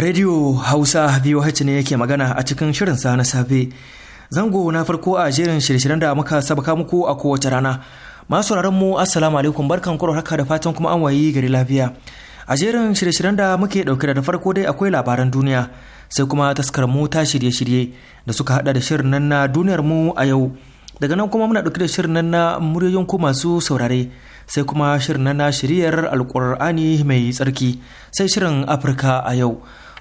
Radio Hausa VOH ne yake magana a cikin shirin sa na safe. Zango na farko a jerin shirye-shiryen da muka sabaka muku a kowace rana. Masu mu Assalamu alaikum barkan kuro haka da fatan kuma an wayi gari lafiya. A jerin shirye-shiryen da muke dauke da farko dai akwai labaran duniya sai kuma taskar mu ta shirye-shirye da suka hada da shirin nan na duniyar mu a yau. Daga nan kuma muna dauke da shirin nan na muryoyin ku masu saurare. sai kuma shirin na shiryar alkur'ani mai tsarki sai shirin afirka a yau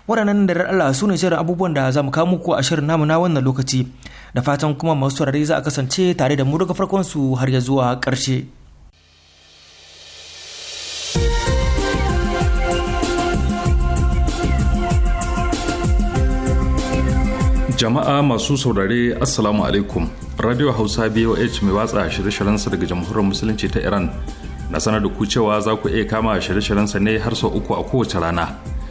waɗannan da Allah su ne shirin abubuwan da za mu kawo muku a shirin namu na wannan lokaci da fatan kuma masu saurare za a kasance tare da mu daga farkon su har ya zuwa ƙarshe. jama'a masu saurare assalamu alaikum radio hausa boh mai watsa shirye sa daga jamhuriyar musulunci ta iran na sanar da ku cewa za ku iya kama shirye sa ne har sau uku a kowace rana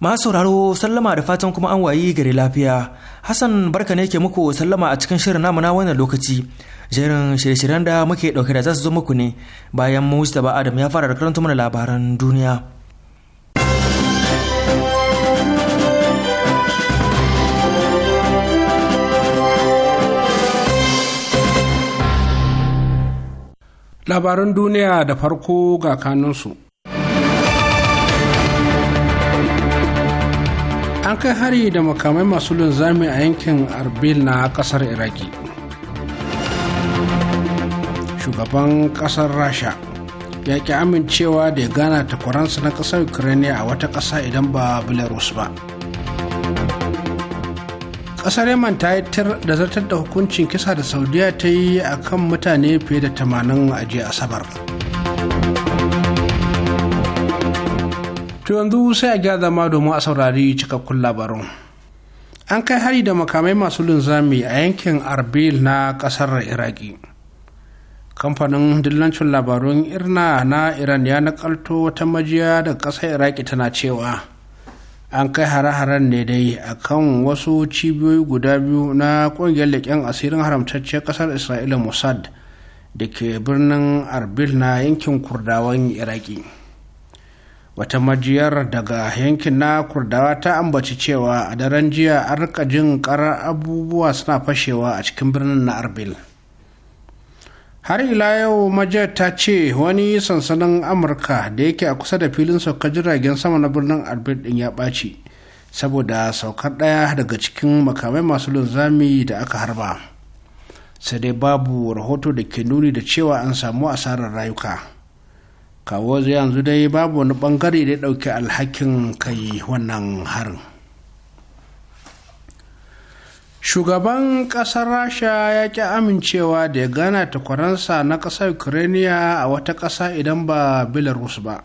masu sauraro sallama da fatan kuma an wayi gari lafiya hassan barka ne ke muku sallama a cikin shirin namu na wannan lokaci jerin shirye-shiryen da muke dauke da za su zo muku ne bayan ba adam ya fara da karanta mana labaran duniya labaran duniya da farko ga kanunsu an kai hari da makamai masu linzami a yankin arbil na kasar iraki shugaban kasar rasha ya ki amincewa da ya gana takwaransa na kasar ukraine a wata kasa idan ba belarus ba kasar yaman ta yi tir da zartar da hukuncin kisa da saudiya ta yi a kan mutane fiye da 80 a asabar to yanzu sai a gya zama domin a saurari cikakkun labarun. an kai hari da makamai masu linzami a yankin arbil na kasar iraki kamfanin dillancin labarun irna na iran ya nakalto wata majiya da kasar iraki tana cewa an kai hare-haren ne dai a kan wasu cibiyoyi guda biyu na kungiyar leƙen asirin haramtacciyar kasar isra'ila mossad da ke birnin arbil na yankin kurdawan iraki wata majiyar daga yankin na kurdawa ta ambaci cewa a daren jiya an rika jin karar abubuwa suna fashewa a cikin birnin na arbil har ila yau majiyar ta ce wani sansanin amurka da yake a kusa da filin saukar jiragen sama na birnin arbil din ya ɓaci saboda saukar ɗaya daga cikin makamai masu linzami da aka harba sai dai babu rahoto da ke nuni da cewa an samu asarar rayuka. kawo yanzu dai babu wani bangare da ya ɗauki alhakin kai wannan harin shugaban ƙasar rasha ya ƙi amincewa da ya gana takwaransa na ƙasar ukraine a wata ƙasa idan ba belarus ba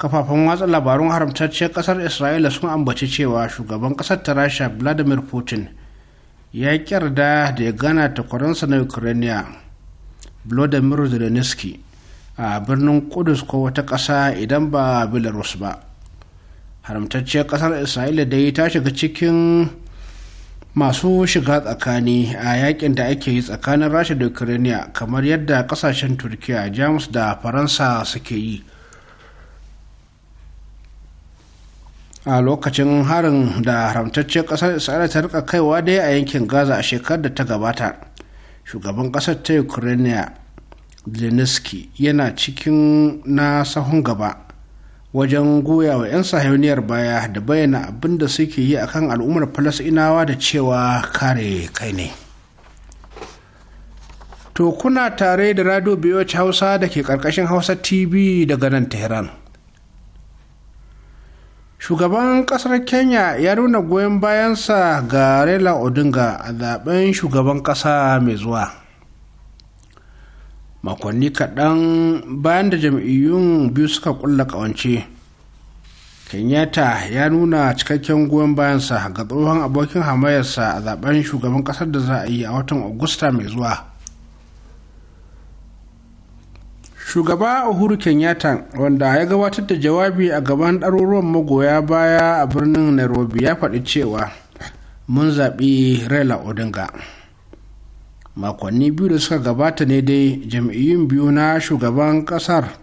kafafen watsa labarun haramtacce ƙasar isra'ila sun ambaci cewa shugaban ƙasar ta rasha vladimir putin ya ƙyarda da ya gana takwaransa na ukraine vladimir zelensky a birnin kudus ko wata ƙasa idan ba belarus ba haramtacciyar ƙasar isra'ila dai ta shiga cikin masu shiga tsakani a yakin da ake yi tsakanin rasha da ukraine kamar yadda ƙasashen turkiya jamus da faransa suke yi a lokacin harin da haramtacciyar ƙasar isra'ila ta rika kaiwa dai a yankin gaza a shekarar da ta gabata shugaban ƙasar ta ukraine zelensky yana cikin na sahun gaba wajen goya wa 'yan sahiyoniyar baya da bayyana abin da suke yi akan al'ummar falasinawa da cewa kare kai ne to kuna tare da radio hausa da ke karkashin hausa tv daga nan tehran shugaban ƙasar kenya ya nuna goyon bayansa ga raila odinga a zaben shugaban ƙasa mai zuwa makonni kaɗan bayan da jam'iyyun biyu suka kulla ƙawance kenyatta ya nuna cikakken goyon bayansa ga tsohon abokin hamayarsa a zaben shugaban ƙasar da za a yi a watan agusta mai zuwa shugaba uhuru kenyatta wanda ya gabatar da jawabi a gaban ɗaruruwan magoya baya a birnin nairobi ya faɗi cewa mun zaɓi raila odinga makonni biyu da suka gabata ne dai jam'iyyun biyu na shugaban ƙasar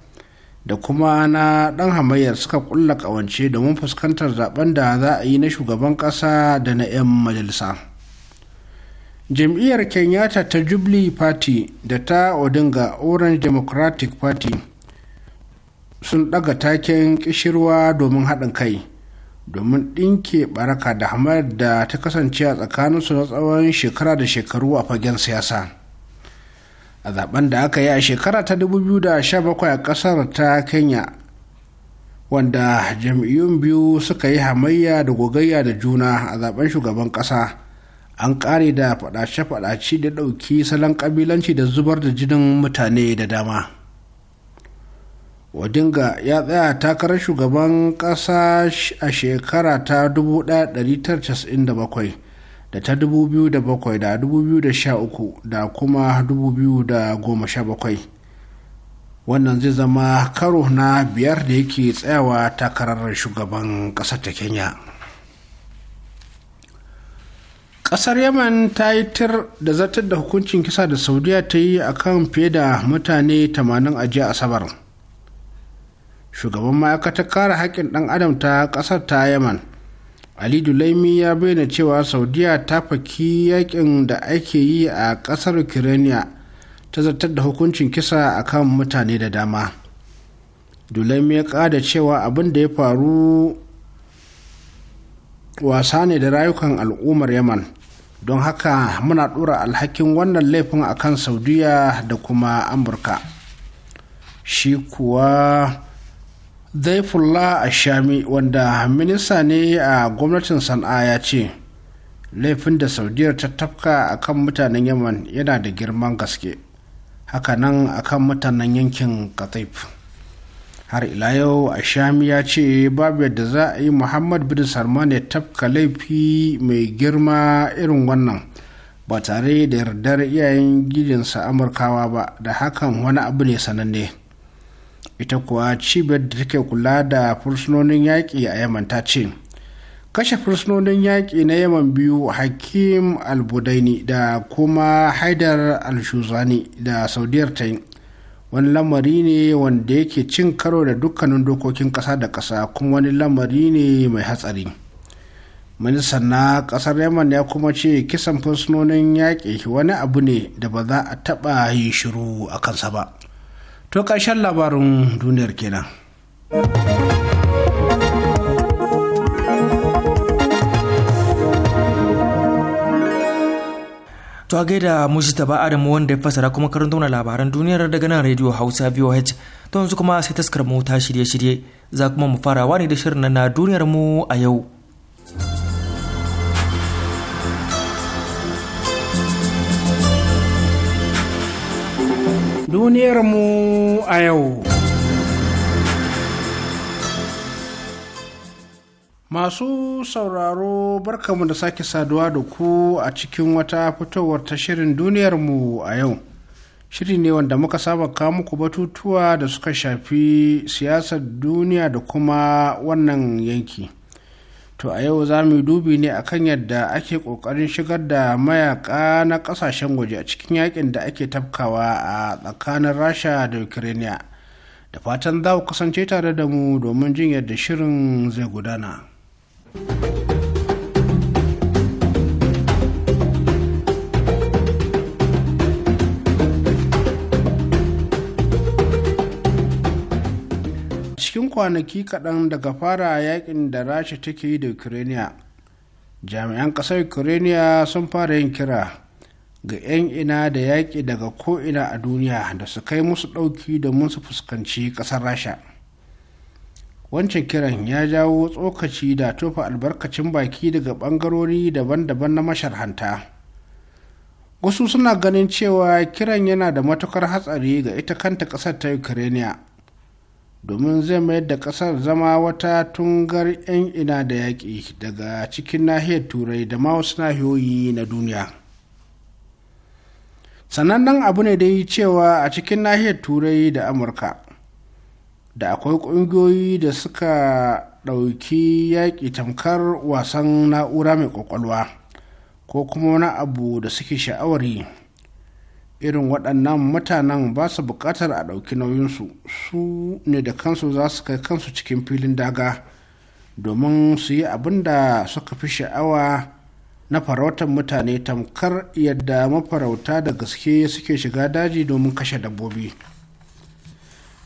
da kuma na ɗan hamayyar suka kulla ƙawance domin fuskantar zaben da za a yi na shugaban ƙasa da na 'yan majalisa. jam'iyyar kenyatta ta jubilee party da ta odinga orange democratic party sun ɗaga taken ƙishirwa domin haɗin kai domin ɗinke baraka da hamayar da ta kasance a tsakaninsu na tsawon shekara da shekaru a fagen siyasa a zaben da aka yi a shekara ta 2017 a ƙasar ta kenya wanda jam'iyyun biyu suka yi hamayya da gogayya da juna a zaben shugaban ƙasa an ƙare da faɗace-faɗace da ɗauki salon ƙabilanci da zubar da jinin mutane da dama odinga ya tsaya takarar shugaban ƙasa a shekara ta 1997 da ta 2007 da 2013 da kuma 2017 wannan zai zama karo na biyar da yake tsayawa takarar shugaban ƙasar ta kenya Ƙasar yaman ta yi tir da zartar da hukuncin kisa da saudiya ta yi a kan fiye da mutane 80 a jiya asabar shugaban ma'aikatar kare haƙƙin ɗan adam ta ƙasar ta yaman ali dulaimi ya bayyana cewa saudiya ta faki yaƙin da ake yi a ƙasar ukraine ta zartar da hukuncin kisa a kan mutane da dama dulaimi ya ƙada cewa abin da ya faru wasa ne da rayukan al'ummar yaman don haka muna ɗora alhakin wannan laifin a kan saudiya da kuma amurka shi kuwa zaifullah ashami wanda minista ne a gwamnatin sana'a ya ce laifin da saudiyar ta tafka a kan mutanen yaman yana da girman gaske hakanan kan mutanen yankin katif har ila yau ashami ya ce babu yadda za a yi muhammad bin salman ya tafka laifi mai girma irin wannan ba tare da yardar iyayen gidansa amurkawa ba da hakan wani abu ne sananne ita kuwa cibiyar da take kula da fursunonin yaƙi a yaman ta ce kashe fursunonin yaƙi na yaman biyu hakim albudaini da kuma haidar alshuzani da saudiyar ta wani lamari ne wanda yake cin karo da dukkanin dokokin ƙasa da ƙasa kuma wani lamari ne mai hatsari ministan na ƙasar yaman ya kuma ce kisan fursunonin yaƙi wani abu ne da ba za a taɓa yi shiru a kansa ba to ƙarshen labarin duniyar kenan. To a gaida ta ba Adamu wanda ya fasara kuma karanta wani labaran duniyar daga nan Radio Hausa VOH. To yanzu kuma sai taskar mu ta shirye-shirye za kuma mu farawa ne da shirin na duniyar mu a yau. Duniyar mu a yau. Masu sauraro barkamu da sake saduwa da ku a cikin wata fitowar ta shirin duniyar mu a yau. Shiri ne wanda muka saba kawo muku batutuwa da suka shafi siyasar duniya da kuma wannan yanki. To a yau za mu dubi ne a kan yadda ake ƙoƙarin shigar da mayaka na ƙasashen waje a cikin yakin da ake tafkawa a tsakanin Rasha da Ukraine. Da fatan za ku kasance tare da mu domin jin yadda shirin zai gudana. cikin kwanaki kaɗan daga fara yakin da rasha take yi da ukraine jami'an ƙasar ukraine sun fara yin kira ga 'yan ina da yaƙi daga ko'ina a duniya da su kai musu ɗauki da su fuskanci ƙasar rasha wancan kiran ya jawo tsokaci da tofa albarkacin baki daga bangarori daban-daban na masharhanta wasu suna ganin cewa kiran yana da matukar hatsari ga ita kanta kasar ta ukraine domin zai mayar da kasar zama wata tungar 'yan ina da yaƙi daga cikin nahiyar turai da ma wasu nahiyoyi na duniya sanannen abu ne dai cewa a cikin nahiyar turai da amurka da akwai ƙungiyoyi da suka ɗauki yaƙi tamkar wasan na'ura mai ƙwaƙwalwa ko kuma wani abu da suke sha'awar yi irin waɗannan mutanen ba su buƙatar a ɗauki nauyinsu su ne da kansu za su kai kansu cikin filin daga domin su yi abin da suka fi sha'awa na farautar mutane tamkar yadda mafarauta da gaske suke shiga daji domin kashe dabbobi.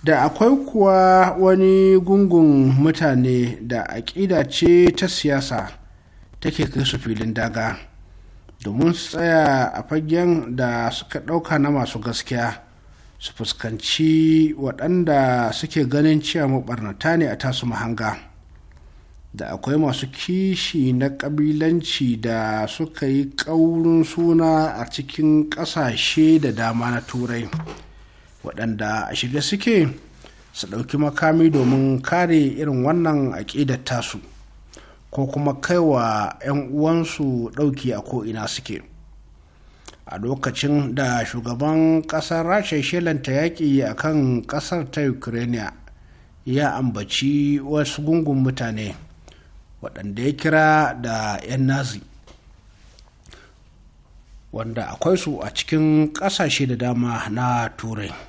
da akwai kuwa wani gungun mutane da aƙida ce ta siyasa take kai su filin daga domin su tsaya a fagen da suka ɗauka na masu gaskiya su fuskanci waɗanda suke ganin cewa mabarnata ne a tasu mahanga da akwai masu kishi na ƙabilanci da suka yi ƙaurin suna a cikin ƙasashe da dama na turai waɗanda a shirya suke su ɗauki makami domin kare irin wannan aƙidar tasu ko kuma kaiwa 'yan uwansu ɗauki a ko'ina suke a lokacin da shugaban ƙasar rasha shelanta yaƙi a kan ƙasar ta ukraine ya ambaci wasu gungun mutane waɗanda ya kira da 'yan nazi wanda akwai su a cikin ƙasashe da dama na turai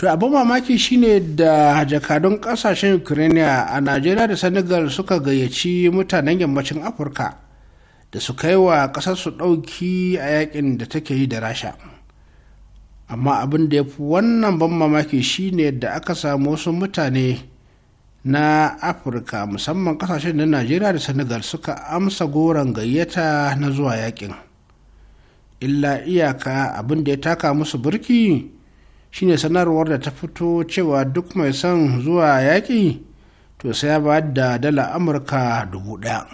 to abin mamaki shine da jakadun kasashen ukraine a najeriya da senegal suka gayyaci mutanen yammacin afirka da su kai wa kasar su ɗauki a yakin da take yi da rasha amma abin da ya fi wannan ban mamaki shine da aka samu wasu mutane na afirka musamman kasashen na najeriya da senegal suka amsa goron gayyata na zuwa yakin illa iyaka abin da ya taka musu burki shine sanarwar da ta fito cewa duk mai son zuwa yaƙi to sai ya da dala amurka dubu ɗaya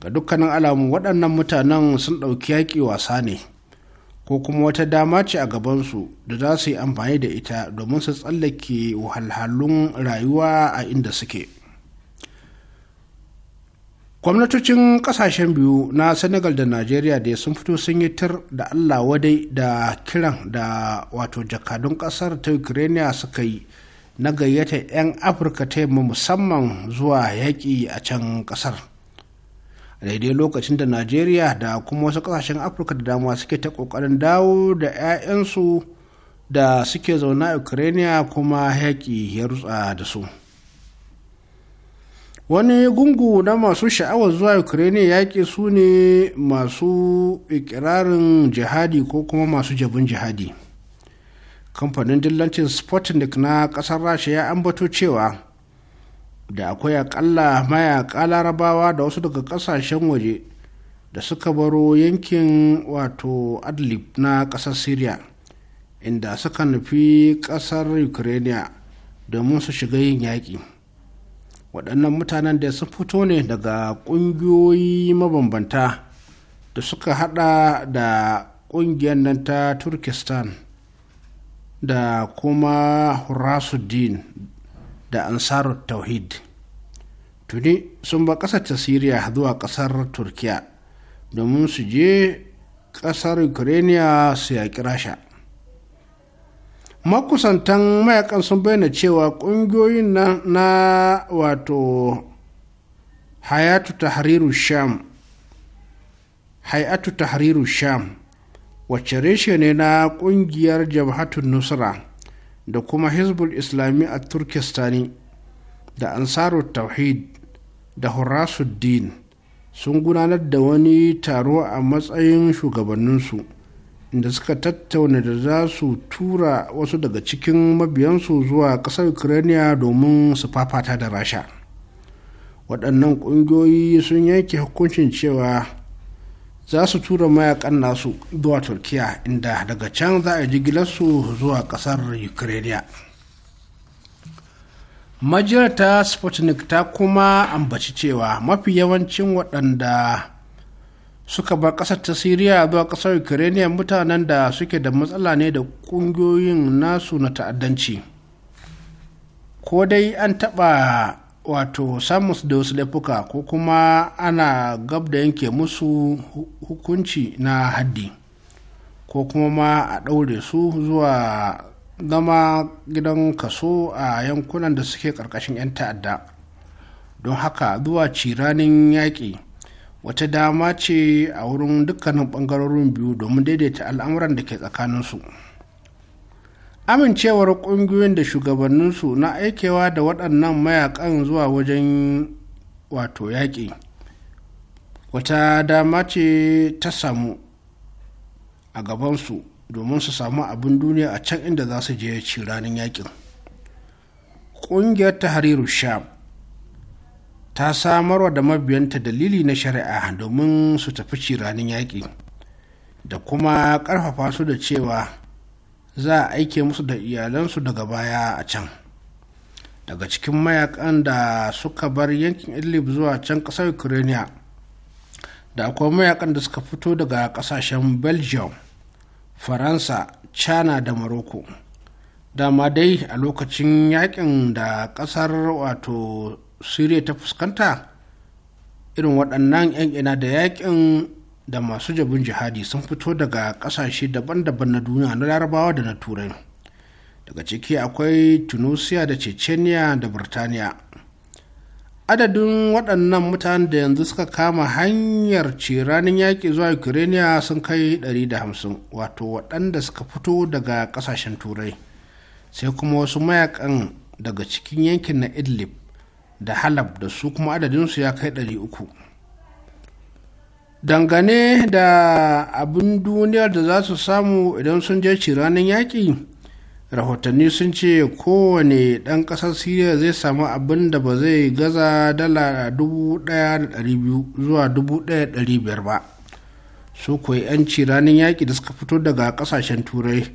ga dukkanin alamu waɗannan mutanen sun ɗauki yaƙi wasa ne ko kuma wata dama ce a gabansu da za su yi amfani da ita domin su tsallake wahalhalun rayuwa a inda suke. gwamnatocin kasashen biyu na senegal da najeriya da sun fito sun yi tir da allah wadai da kiran da wato jakadun kasar ta ukraine suka yi na gayyata 'yan afirka ta yamma musamman zuwa yaƙi a can kasar daidai lokacin da najeriya da kuma wasu kasashen afirka da dama suke ta ƙoƙarin dawo da 'ya'yansu da suke zaune a ukraine kuma yaƙi ya rutsa da su. wani gungu na masu sha'awar zuwa ukraine yaƙi su ne masu ikirarin jihadi ko kuma masu jabin jihadi kamfanin dillancin sputnik na ƙasar rasha ya ambato cewa da akwai akalla mayaƙa larabawa da wasu daga ƙasashen waje da suka baro yankin wato adlib na ƙasar syria inda suka nufi ƙasar ukraine domin su shiga yin yaƙi waɗannan mutanen da sun fito ne daga ƙungiyoyi mabambanta da suka hada da ƙungiyar nan ta turkistan da kuma hurasuddin da ansar tauhid tuni sun ba ƙasar ta siriya zuwa ƙasar turkiya domin su je ƙasar ukraine su yaƙi rasha makusantan mayakan sun bayyana cewa ƙungiyoyin na, na wato hayatu tahriru sham hayatu tahriru sham wacce reshe ne na ƙungiyar jamhatun nusra da kuma hizbul islami a turkistani da ansaru tawhid da hurasuddin sun gudanar da wani taro a matsayin shugabanninsu da suka tattauna da za su tura wasu daga cikin mabiyansu zuwa ƙasar ukraine domin su fafata da rasha waɗannan ƙungiyoyi sun yanke hukuncin cewa za su tura mayakan nasu zuwa turkiya inda daga can za a jigilarsu zuwa ƙasar ukraine majiyar ta sputnik ta kuma ambaci cewa mafi yawancin waɗanda suka bar ƙasar ta siriya zuwa ƙasar ukraine mutanen da suke da matsala ne da ƙungiyoyin nasu na ta'addanci ko dai an taɓa wato samus da wasu laifuka ko kuma ana gab da yanke musu hukunci na haddi ko kuma ma a ɗaure su zuwa zama gidan kaso a yankunan da suke ƙarƙashin 'yan ta'adda don haka zuwa ciranin yaƙi wata dama ce a wurin dukkanin bangarorin biyu domin daidaita al'amuran da ke tsakaninsu amincewar ƙungiyoyin da shugabanninsu na aikewa da waɗannan mayakan zuwa wajen wato yaƙi wata dama ce ta samu a gabansu domin su samu abin duniya a can inda za su je ci ranar yaƙin ƙungiyar tahariru sham ta samarwa da mabiyanta dalili na shari'a domin su tafi ciranin yaƙi da kuma ƙarfafa su da cewa za a aike musu da iyalansu daga baya a can daga cikin mayakan da suka bar yankin idlib zuwa can ƙasar ukraine da akwai mayakan da suka fito daga ƙasashen belgium faransa china da morocco dama dai a lokacin yakin da ƙasar wato siriya ta fuskanta irin waɗannan 'yan ina da yaƙin da masu jabin jihadi sun fito daga ƙasashe daban-daban na duniya na larabawa da na turai daga ciki akwai tunisia da chechenia da birtaniya adadin waɗannan mutanen da yanzu suka kama hanyar ce ranar yaƙi zuwa ukraine sun kai 150 wato waɗanda suka fito daga ƙasashen turai sai kuma wasu mayakan daga cikin yankin na idlib da halab da su kuma adadinsu ya kai uku. dangane da abin duniyar da za su samu idan sun je ci ranar yaƙi rahotanni sun ce kowane ɗan ƙasar siriya zai samu abin da ba zai gaza dala 1,200 zuwa 1,500 ba su kuwa 'yanci ranar yaƙi da suka fito daga ƙasashen turai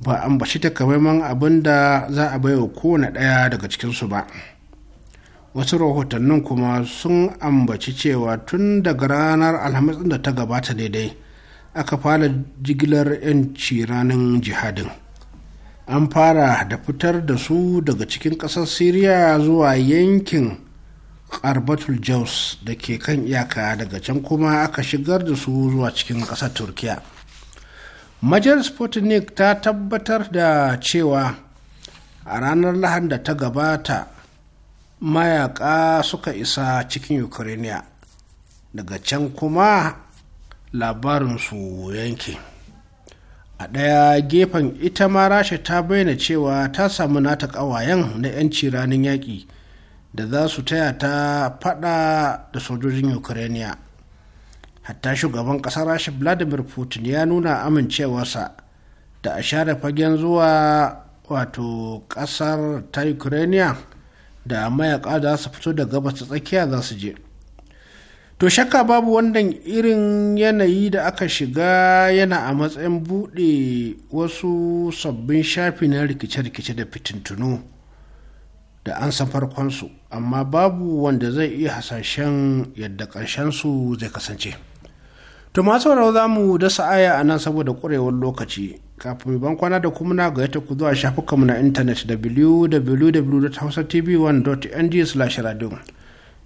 ba an bashi takamaiman abin da za a baiwa kowane ɗaya daga cikinsu ba. wasu rahotannin kuma sun ambaci cewa tun daga ranar alhamis da ta gabata daidai aka fara jigilar 'yanci ranar jihadin an fara da fitar da su daga cikin ƙasar syria zuwa yankin arbatul jaus da ke kan iyaka daga can kuma aka shigar da su zuwa cikin ƙasar turkiya majal sputnik ta tabbatar da cewa a ranar lahan da ta gabata mayaka suka isa cikin ukraine daga can kuma labarinsu yanke a ɗaya gefen ita ma rasha ta bayyana cewa ta samu nata ƙawayen na 'yanci ranin yaƙi da za su taya ta faɗa da sojojin ukraine hatta shugaban ƙasar rasha vladimir putin ya nuna amincewarsa da a share fagen zuwa wato ƙasar ta ukraine da mayaƙa da su fito da gabas ta tsakiya za su je to shakka babu wannan irin yanayi da aka shiga yana a matsayin buɗe wasu sabbin shafi na rikice-rikice da fitintunu da an san farkonsu amma babu wanda zai iya hasashen yadda su zai kasance to masu za mu dasa aya a nan saboda ƙwarewar lokaci kafin ban kwana da kuma na gayyata ku zuwa shafukanmu na intanet www.hausatv1.ng/radio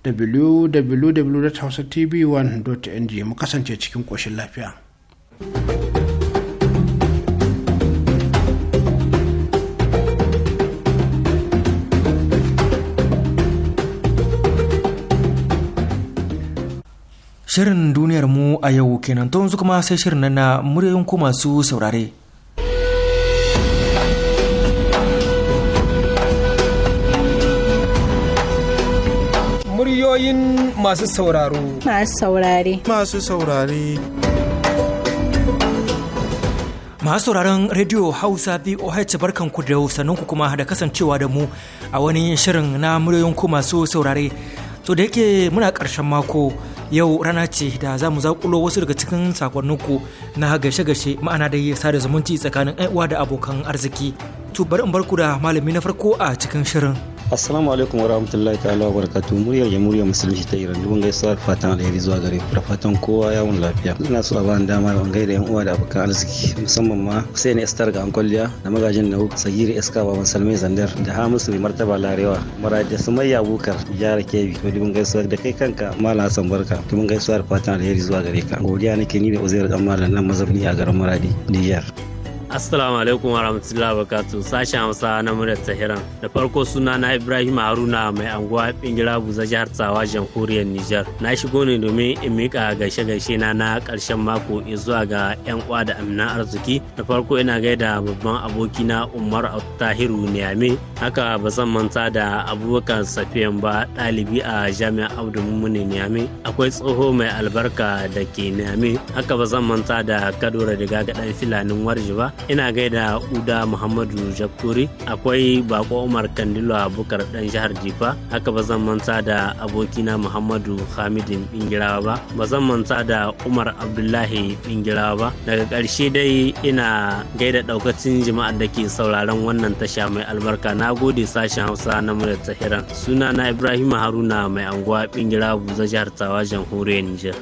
www.hausatv1.ng mu kasance cikin koshin lafiya. Shirin duniyar mu a yau kenan to yanzu kuma sai shirin na muryoyin ku masu saurare. ra'ayoyin masu sauraro. Masu saurare. Masu saurare. Masu sauraron Radio Hausa VOH barkanku da sanunku kuma da kasancewa da mu a wani shirin na muryoyin ku masu saurare. To da yake muna karshen mako yau rana ce da za mu zaƙulo wasu daga cikin sakonninku na gashe gaishe ma'ana da sada zumunci tsakanin uwa da abokan arziki. To bari in barku da malami na farko a cikin shirin. assalamu alaikum wa rahmatullahi ta'ala wa barakatuhu muryar jamhuriyar musulunci ta iran dubin gaisuwa da fatan alheri zuwa gare ku da fatan kowa yawon lafiya ina su a bani dama ban gaida yan uwa da abokan arziki musamman ma na estar ga ankwaliya da magajin nau sagiri iska baban salmai zandar da hamisu mai martaba larewa mara da sumayya yabukar jihar kebbi ko dubin gaisuwa da kai kanka malam hassan barka dubin gaisuwa da fatan alheri zuwa gare ka godiya nake ni da uzair dan malam nan mazauni a garin maradi niger Assalamu alaikum wa wabarakatuh sashen Hausa na murar Tahiran. Da farko suna na Ibrahim Haruna mai anguwa bingira buza jihar Tsawa jamhuriyar Nijar. Na shigo ne domin in mika gaishe gaishe na na karshen mako zuwa ga yan uwa da amina arziki. Da farko ina gaida babban aboki na Umar Tahiru Niyame. Haka ba zan manta da abubakar safiyan ba ɗalibi a jami'ar Abdu Mumuni Niyame. Akwai tsoho mai albarka da ke Niyame. Haka ba zan manta da Kadura da gagadan filanin warji ba. ina gaida uda muhammadu jakuri akwai bako umar kandilo bukar dan jihar jifa haka ba zan manta da abokina muhammadu hamidin bingirawa ba ba zan manta da umar abdullahi bingirawa ba daga ƙarshe dai ina gaida ɗaukacin jima'ar da ke sauraron wannan tasha mai albarka na gode sashen hausa na muryar tahiran suna na ibrahim haruna mai anguwa bingirawa buza jihar tawa jamhuriyar nijar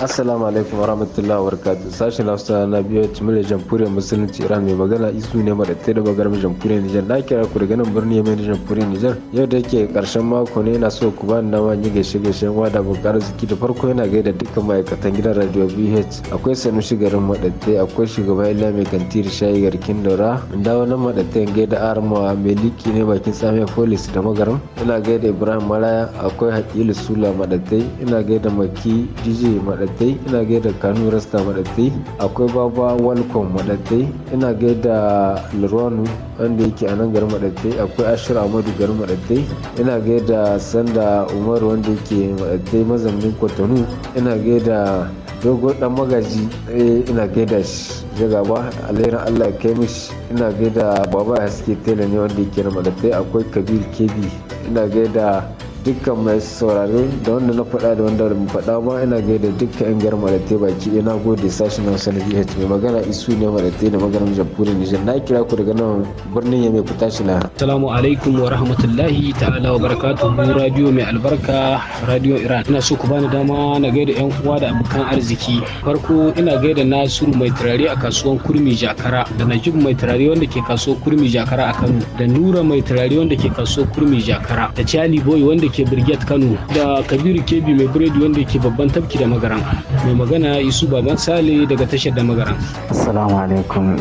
assalamu alaikum wa wabarakatuh sashen hausa na biyu cimile jamhuriyar musulunci iran mai magana isu ne madatta da garin jamhuriyar nijar na kira ku daga nan birni mai jamhuriyar nijar yau da yake karshen mako ne yana so ku bani dama yi gaishe gaishen wada bukar ziki da farko yana gaida dukkan ma'aikatan gidan radio bh akwai sanu garin maɗatai akwai shugaban ila mai kantiri shayi garkin dora inda wani madatta yin gaida armawa mai liki ne bakin tsamiya polis da magaram ina gaida ibrahim maraya akwai hakilu sula madatta ina gaida maki dj maɗattai ina gaida kano rasta maɗattai akwai baba walcom maɗattai ina gaida lurwanu wanda yake a nan garin maɗattai akwai ashir amadu garin maɗattai ina gaida sanda umaru wanda yake maɗattai mazaunin kwatano ina gaida dogon dan magaji eh, ina gaida shi ya gaba alherin allah ya kai mishi ina gaida baba haske tela ne wanda yake na maɗattai akwai kabir kebi ina gaida dukkan mai saurare da wanda na faɗa da wanda mu faɗa ba ina gaida dukkan yan garin ba, baki ina gode sashen hausa na bh mai magana isu ne maratai da maganin jamhuriyar nijar na kira ku daga nan birnin ya mai fita shi na. salamu alaikum wa rahmatullahi ta'ala wa mu radio mai albarka radio iran ina so ku bani dama na gaida yan uwa da abokan arziki farko ina gaida nasiru mai turare a kasuwan kurmi jakara da najib mai turare wanda ke kasuwan kurmi jakara a kano da nura mai turare wanda ke kasuwan kurmi jakara da charlie boy wanda ke Brigade Kano da Kabiru Kebi mai biredi wanda ke babban tafki da magaran. Mai magana Isu Baban Sale daga tashar da magaran. Assalamu alaikum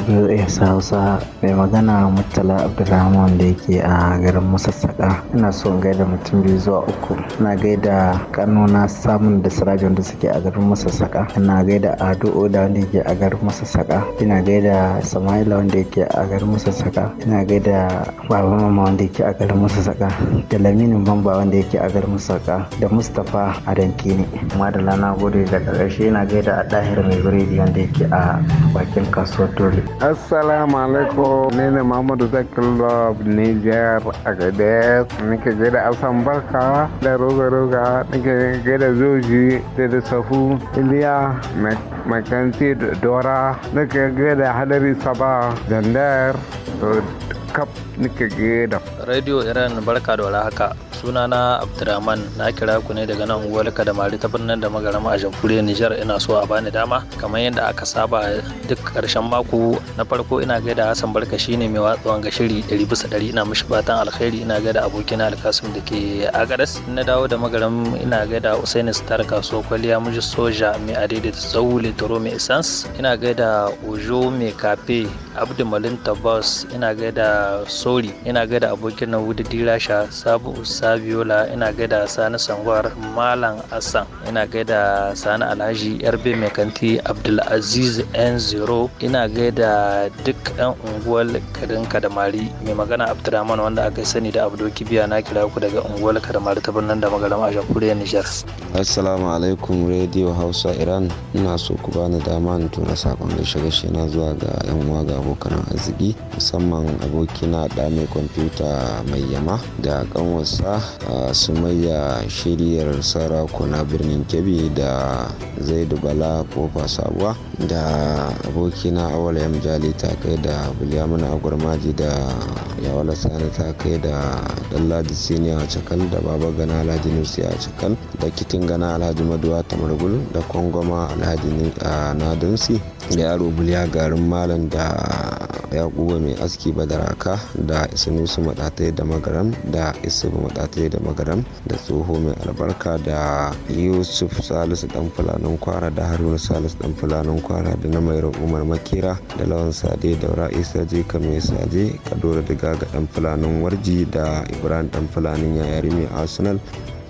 sa Hausa mai magana Murtala Abdulrahman da yake a garin Masassaka. Ina so in gaida mutum biyu zuwa uku. Ina gaida na samun da sirajin wanda suke a garin Masassaka. Ina gaida Ado Oda wanda yake a garin Masassaka. Ina gaida Samaila wanda yake a garin Masassaka. Ina gaida Baba Mama wanda yake a garin Masassaka. Da Laminin Bamba wanda yake a garin saka da mustapha danki ne amma da lana gode da karshe na gaida a ɗahir mai biredi wanda yake a bakin kasuwar dole assalamu alaikum ne ne muhammadu zakilov niger a gades nake gaida asan barka da roga roga nake gaida zoji da da safu iliya makanti dora nake gaida hadari saba zandar kap nake gaida radio iran barka da haka sunana abdurrahman na kira ku ne daga nan unguwar kadamari ta birnin da magarama a jamhuriyar nijar ina so a bani dama kamar yadda aka saba duk karshen mako na farko ina gaida hassan barka shine mai watsuwan ga shiri ɗari bisa ɗari ina mishi fatan alkhairi ina gaida abokina alkasim da ke agadas na dawo da magaram ina gaida usaini star kasuwa kwaliya miji soja mai adaidaita tsawo litoro mai essence ina gaida ojo mai kafe abdu malin tabas ina gaida sori ina gaida abokin na wudu dirasha sabu usa Musa Biola ina gaida Sani Sangwar Malam Assan ina gaida Sani Alhaji Yarbe Mai Kanti Abdulaziz N0 ina gaida duk 'yan unguwar garin Kadamari mai magana abdulrahman wanda aka sani da Abdul Kibiya na kira ku daga unguwar Kadamari ta birnin da magalama a Jamhuriyar Nijar. Assalamu alaikum Radio Hausa Iran ina so ku bani dama in tura sakon gaishe gaishe na zuwa ga 'yan uwa ga abokan arziki musamman abokina da mai kwamfuta mai yama da kanwarsa sumayya shiriyar sarakuna birnin kebbi da zaidu bala kofa sabuwa da abokina awal mujali ta kai da bulyamuna agwarmaji da yawala sani ta kai da dalladi siniya a cakal da baba gana alhaji nusi a cakal da kitin gana alhaji maduwa tamargul da kwangwama alhaji nadunsi da yaro bulya garin malam da ya yakuba mai aski badaraka da isinusu matatai da magaram da isubu matatai wake da magaram da tsoho mai albarka da yusuf salisu dan fulanin kwara da haruna salisu dan fulanin kwara da na mai umar Makira, da lawan sade da isa jika mai sade kadora diga ga dan fulanin warji da ibrahim dan fulanin yayari mai arsenal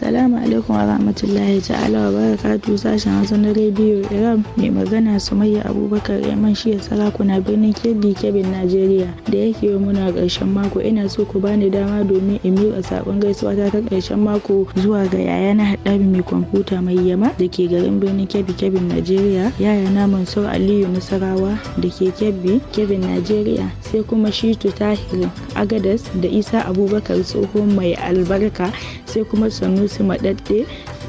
Assalamu alaikum wa rahmatullahi ta'ala wa barakatu sashen Hausa na rediyo Iran mai magana su Sumayya Abubakar Yaman shi ya sarakuna birnin Kebbi kebin Najeriya da yake yi muna ƙarshen mako ina so ku bani dama domin in miƙa saƙon gaisuwa ta ta ƙarshen mako zuwa ga yaya na haɗari mai kwamfuta mai yama da ke garin birnin Kebbi kebin Najeriya yaya na Mansur Aliyu Nasarawa da ke Kebbi kebin Najeriya sai kuma Shitu Tahir Agadas da Isa Abubakar tsohon mai albarka sai kuma Sanusi su maɗaɗɗe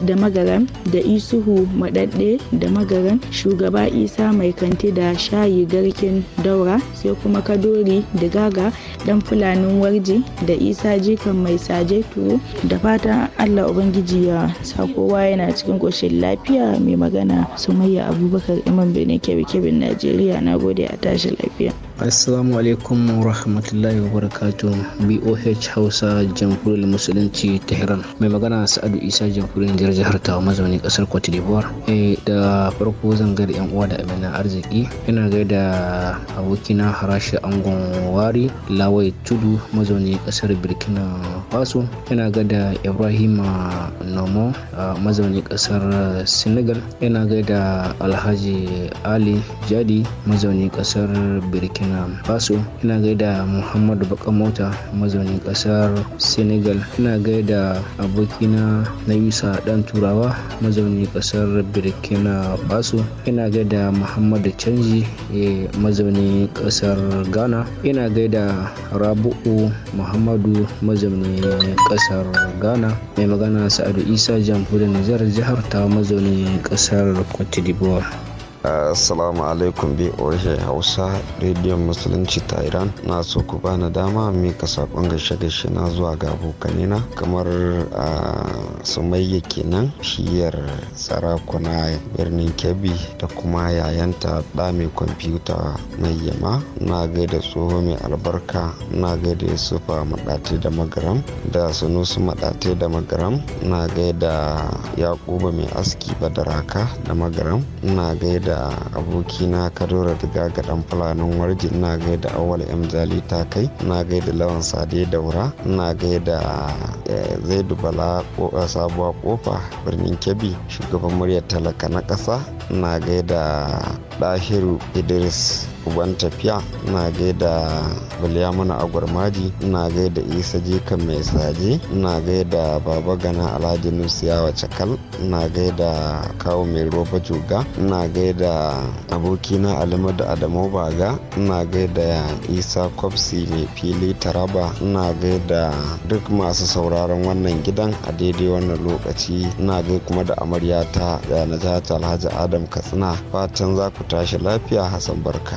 da magaran da isuhu madadde da magaran shugaba isa mai kanti da shayi garkin daura sai kuma kadori da gaga dan fulanin warji da isa jikan mai saje tuwo da fatan allah ubangiji ya sa kowa yana cikin koshin lafiya mai magana su sumayya abubakar imam benin kebe keben najeriya na gode a tashi lafiya assalamu alaikum rahmatullahi wa barakatu boh hausa jamhuriyar musulunci tehran mai magana sa'adu isa jamhuriyar Bashir jihar Tawa mazauni kasar Cote d'Ivoire. Eh, da farko zan gaida yan uwa da amina arziki ina gaida abokina harashi angon wari lawai tudu mazauni kasar Burkina Faso ina gaida Ibrahima Nomo mazauni kasar Senegal ina gaida Alhaji Ali Jadi mazauni ƙasar Burkina Faso ina gaida Muhammadu Bakan Mota mazauni kasar Senegal ina gaida abokina na Yusa ɗan turawa mazaunin ƙasar burkina faso ina gaida muhammadu canji eh, mazaunin ƙasar ghana ina gaida rabu'u muhammadu mazauni ƙasar ghana mai magana sa'adu isa jamhuriyar nijar jihar ta mazaunin ƙasar cote assalamu alaikum boh hausa rediyon musulunci ta iran na so ku bani dama ka sakon gashe gashe na zuwa ga abokanina kamar a sumayya kenan shiyar sarakuna birnin kebbi da kuma yayanta da mai kwamfuta mai yama na gaida tsoho mai albarka na gaida yusufa maɗate da magaram da sunusu maɗate da magaram na gaida yakuba mai aski badaraka da magaram na gaida da abokina kadora diga ga dan fulanin warji ina gaida awal m ta kai ina da lawan sade daura ina da eh, zaidu bala eh, sabuwa kofa birnin kebbi shugaban muryar talaka na ƙasa ina da ɗahiru idris uban tafiya ina gaida bulyamuna agwarmaji ina gaida isa jikan mai saje ina gaida baba gana alhaji nusiyawa cakal ina gaida kawo mai roba juga ina gaida abokina alimadu adamu baga ina gaida isa kwabsi mai fili taraba ina gaida duk masu sauraron wannan gidan a daidai wannan lokaci ina gai kuma da Amarya ta da na alhaji adam katsina fatan za ku tashi lafiya hasan barka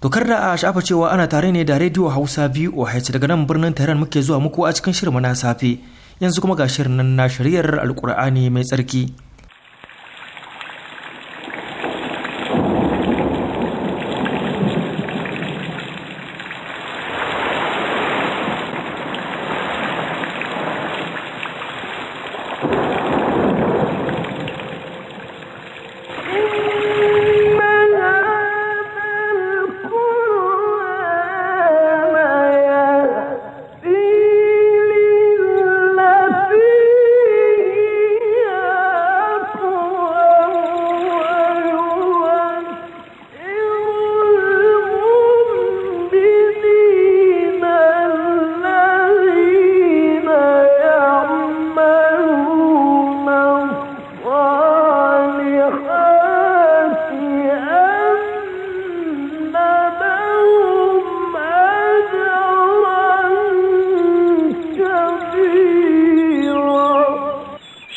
To da a shafa cewa ana tare ne da Radio Hausa VOH daga nan birnin Tehran muke zuwa muku a cikin shirin na safe. Yanzu kuma ga shirin nan na shari'ar Alkur'ani mai tsarki.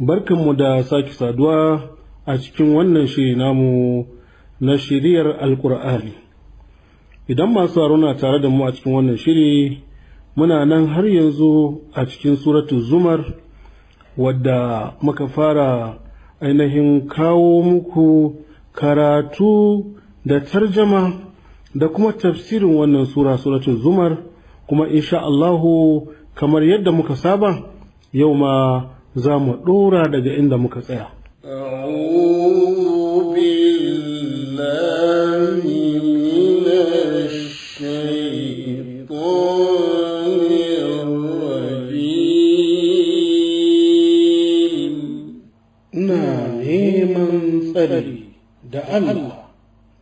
barkanmu da sake saduwa a cikin wannan shiri namu na shiriyar alkur'ani idan masu na tare da mu a cikin wannan shiri muna nan har yanzu a cikin suratu zumar wadda muka fara ainihin kawo muku karatu da tarjama da kuma tafsirin wannan sura suratun zumar kuma insha Allahu kamar yadda muka saba yau ma zamu dora daga inda muka tsaya. da Allah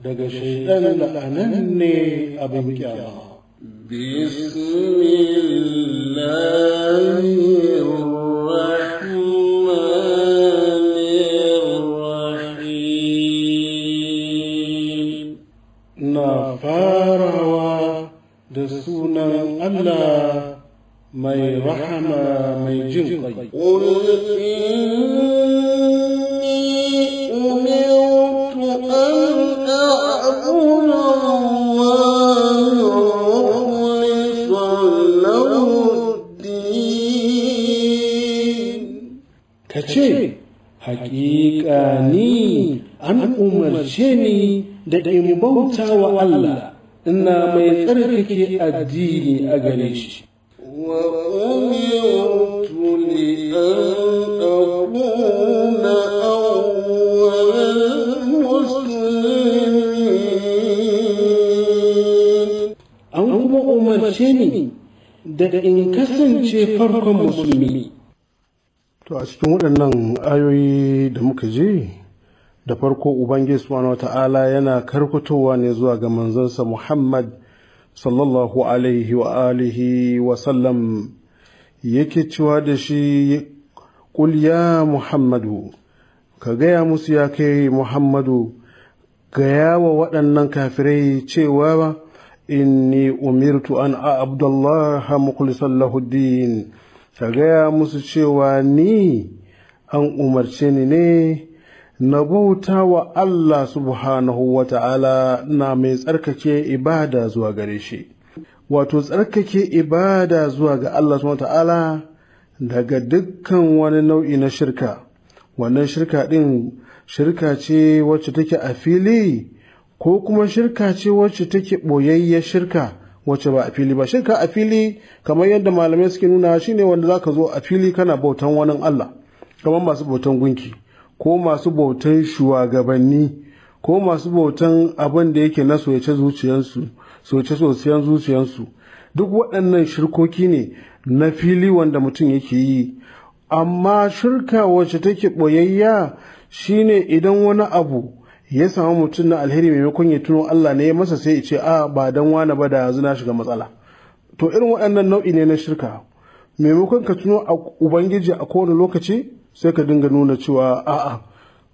daga shaidan la'anan ne abin kyama. بسم الله ألا مي رحم مي جنقي قل إني أمرت أن أعبد الله مخلصا له الدين كشيء حقيقة أني أن أمر da in bauta wa Allah ina mai tsarkake addini a gare shi. An kuma umarce ni da in kasance farkon musulmi. To a cikin waɗannan ayoyi da muka je da farko ubangiji subhanahu ta'ala yana karkatowa ne zuwa ga manzonsa muhammad sallallahu alaihi wa alihi wa sallam yake cewa da shi kul ya muhammadu ka gaya musu ya kai muhammadu gaya wa waɗannan kafirai cewa ba inni umirtu an a abdullaha lahu din ka gaya musu cewa ni an umarce ni ne na bauta wa Allah subhanahu wa ta'ala na mai tsarkake ibada zuwa gare shi. Wato tsarkake ibada zuwa ga Allah subhanahu wa ta'ala daga dukkan wani nau'i na shirka. Wannan shirka ɗin shirka ce wacce take a fili ko kuma shirka ce wacce take ɓoyayya shirka wacce ba a fili ba. Shirka a fili kamar yadda malamai suke nuna shine wanda za ka zo a fili kana bautan wani Allah, kamar masu bautan gunki. ko masu bautan shugabanni ko masu bautan abin da yake na soyace zuciyarsu soyace soyayen zuciyarsu duk waɗannan shirkoki ne na fili wanda mutum yake yi amma shirka wacce take ɓoyayya shine idan wani abu ya samu mutum na alheri maimakon ya tuno Allah ne ya masa sai ya ce a ba dan wani ba da yanzu na shiga matsala to irin waɗannan nau'i ne na shirka maimakon ka tuno a ubangiji a kowane lokaci sai ka dinga nuna cewa a'a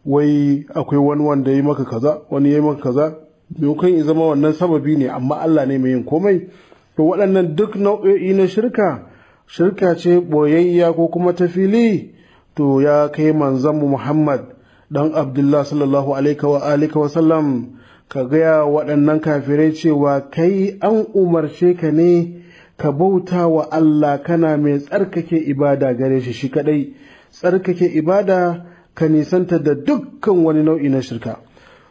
wai akwai wani wanda ya yi maka kaza wani ya yi maka kaza maimakon ya zama wannan sababi ne amma Allah ne mai yin komai to waɗannan duk nau'o'i na shirka shirka ce boyayya ko kuma ta fili to ya kai mu Muhammad dan Abdullah sallallahu alaihi wa alihi wa sallam ka gaya waɗannan kafirai cewa kai an umarce ka ne ka bauta wa Allah kana mai tsarkake ibada gare shi shi kadai tsarkake ibada ka nisanta da dukkan wani nau'i na shirka